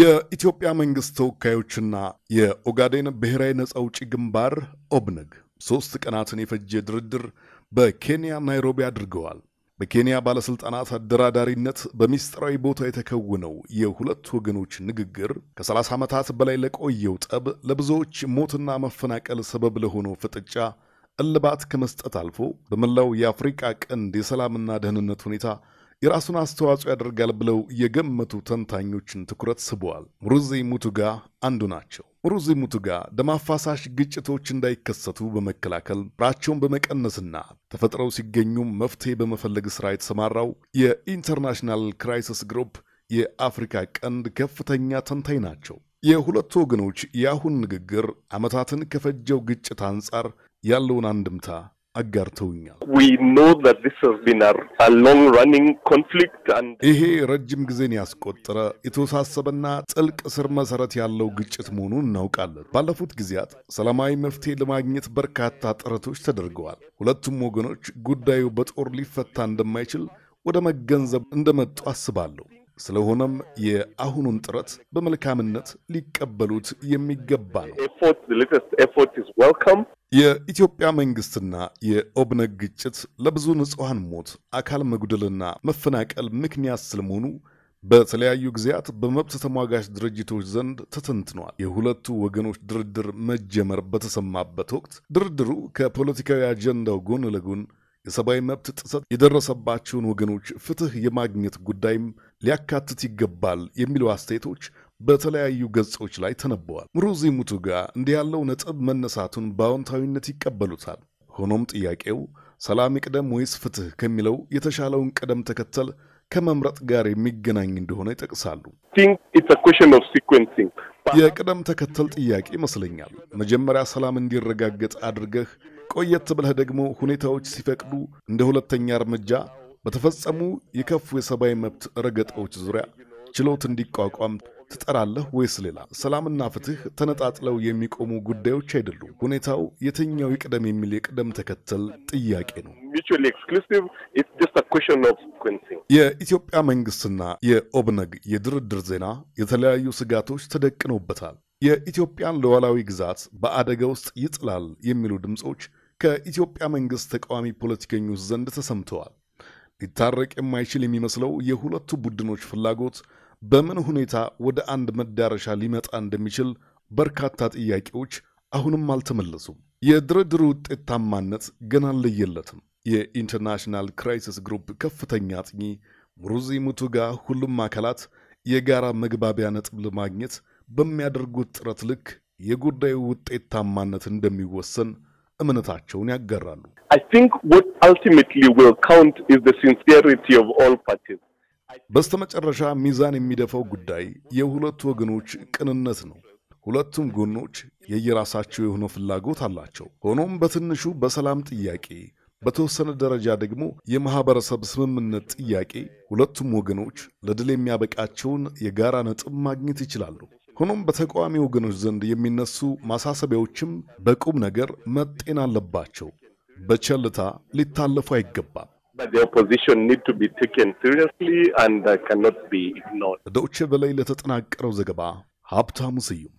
የኢትዮጵያ መንግሥት ተወካዮችና የኦጋዴን ብሔራዊ ነጻ አውጪ ግንባር ኦብነግ ሦስት ቀናትን የፈጀ ድርድር በኬንያ ናይሮቢ አድርገዋል። በኬንያ ባለሥልጣናት አደራዳሪነት በሚስጥራዊ ቦታ የተከወነው የሁለት ወገኖች ንግግር ከ30 ዓመታት በላይ ለቆየው ጠብ፣ ለብዙዎች ሞትና መፈናቀል ሰበብ ለሆነው ፍጥጫ እልባት ከመስጠት አልፎ በመላው የአፍሪቃ ቀንድ የሰላምና ደህንነት ሁኔታ የራሱን አስተዋጽኦ ያደርጋል ብለው የገመቱ ተንታኞችን ትኩረት ስበዋል። ሙሩዜ ሙቱጋ አንዱ ናቸው። ሙሩዚ ሙቱጋ ደም አፋሳሽ ግጭቶች እንዳይከሰቱ በመከላከል ራቸውን በመቀነስና ተፈጥረው ሲገኙም መፍትሄ በመፈለግ ስራ የተሰማራው የኢንተርናሽናል ክራይሲስ ግሩፕ የአፍሪካ ቀንድ ከፍተኛ ተንታኝ ናቸው። የሁለቱ ወገኖች የአሁን ንግግር ዓመታትን ከፈጀው ግጭት አንጻር ያለውን አንድምታ አጋርተውኛል። ይሄ ረጅም ጊዜን ያስቆጠረ የተወሳሰበና ጥልቅ ስር መሰረት ያለው ግጭት መሆኑን እናውቃለን። ባለፉት ጊዜያት ሰላማዊ መፍትሄ ለማግኘት በርካታ ጥረቶች ተደርገዋል። ሁለቱም ወገኖች ጉዳዩ በጦር ሊፈታ እንደማይችል ወደ መገንዘብ እንደመጡ አስባለሁ። ስለሆነም የአሁኑን ጥረት በመልካምነት ሊቀበሉት የሚገባ ነው። የኢትዮጵያ መንግስትና የኦብነግ ግጭት ለብዙ ንጹሐን ሞት፣ አካል መጉደልና መፈናቀል ምክንያት ስለመሆኑ በተለያዩ ጊዜያት በመብት ተሟጋች ድርጅቶች ዘንድ ተተንትኗል። የሁለቱ ወገኖች ድርድር መጀመር በተሰማበት ወቅት ድርድሩ ከፖለቲካዊ አጀንዳው ጎን ለጎን የሰብአዊ መብት ጥሰት የደረሰባቸውን ወገኖች ፍትህ የማግኘት ጉዳይም ሊያካትት ይገባል የሚሉ አስተያየቶች በተለያዩ ገጾች ላይ ተነበዋል። ምሩዚ ሙቱጋ እንዲህ ያለው ነጥብ መነሳቱን በአዎንታዊነት ይቀበሉታል። ሆኖም ጥያቄው ሰላም ይቅደም ወይስ ፍትህ ከሚለው የተሻለውን ቅደም ተከተል ከመምረጥ ጋር የሚገናኝ እንደሆነ ይጠቅሳሉ። የቅደም ተከተል ጥያቄ ይመስለኛል። መጀመሪያ ሰላም እንዲረጋገጥ አድርገህ ቆየት ብለህ ደግሞ ሁኔታዎች ሲፈቅዱ እንደ ሁለተኛ እርምጃ በተፈጸሙ የከፉ የሰብአዊ መብት ረገጣዎች ዙሪያ ችሎት እንዲቋቋም ትጠራለህ ወይስ ሌላ? ሰላምና ፍትህ ተነጣጥለው የሚቆሙ ጉዳዮች አይደሉም። ሁኔታው የትኛው ይቅደም የሚል የቅደም ተከተል ጥያቄ ነው። የኢትዮጵያ መንግስትና የኦብነግ የድርድር ዜና የተለያዩ ስጋቶች ተደቅኖበታል። የኢትዮጵያን ሉዓላዊ ግዛት በአደጋ ውስጥ ይጥላል የሚሉ ድምፆች ከኢትዮጵያ መንግስት ተቃዋሚ ፖለቲከኞች ዘንድ ተሰምተዋል። ሊታረቅ የማይችል የሚመስለው የሁለቱ ቡድኖች ፍላጎት በምን ሁኔታ ወደ አንድ መዳረሻ ሊመጣ እንደሚችል በርካታ ጥያቄዎች አሁንም አልተመለሱም። የድርድሩ ውጤታማነት ገና አልለየለትም። የኢንተርናሽናል ክራይሲስ ግሩፕ ከፍተኛ አጥኚ ሙሩዚ ሙቱጋ ሁሉም አካላት የጋራ መግባቢያ ነጥብ ለማግኘት በሚያደርጉት ጥረት ልክ የጉዳዩ ውጤታማነት እንደሚወሰን እምነታቸውን ያጋራሉ። በስተመጨረሻ ሚዛን የሚደፋው ጉዳይ የሁለቱ ወገኖች ቅንነት ነው። ሁለቱም ጎኖች የየራሳቸው የሆነ ፍላጎት አላቸው። ሆኖም በትንሹ በሰላም ጥያቄ፣ በተወሰነ ደረጃ ደግሞ የማኅበረሰብ ስምምነት ጥያቄ ሁለቱም ወገኖች ለድል የሚያበቃቸውን የጋራ ነጥብ ማግኘት ይችላሉ። ሆኖም በተቃዋሚ ወገኖች ዘንድ የሚነሱ ማሳሰቢያዎችም በቁም ነገር መጤን አለባቸው። በቸልታ ሊታለፉ አይገባም። ዶቼ በላይ ለተጠናቀረው ዘገባ ሀብታሙ ስዩም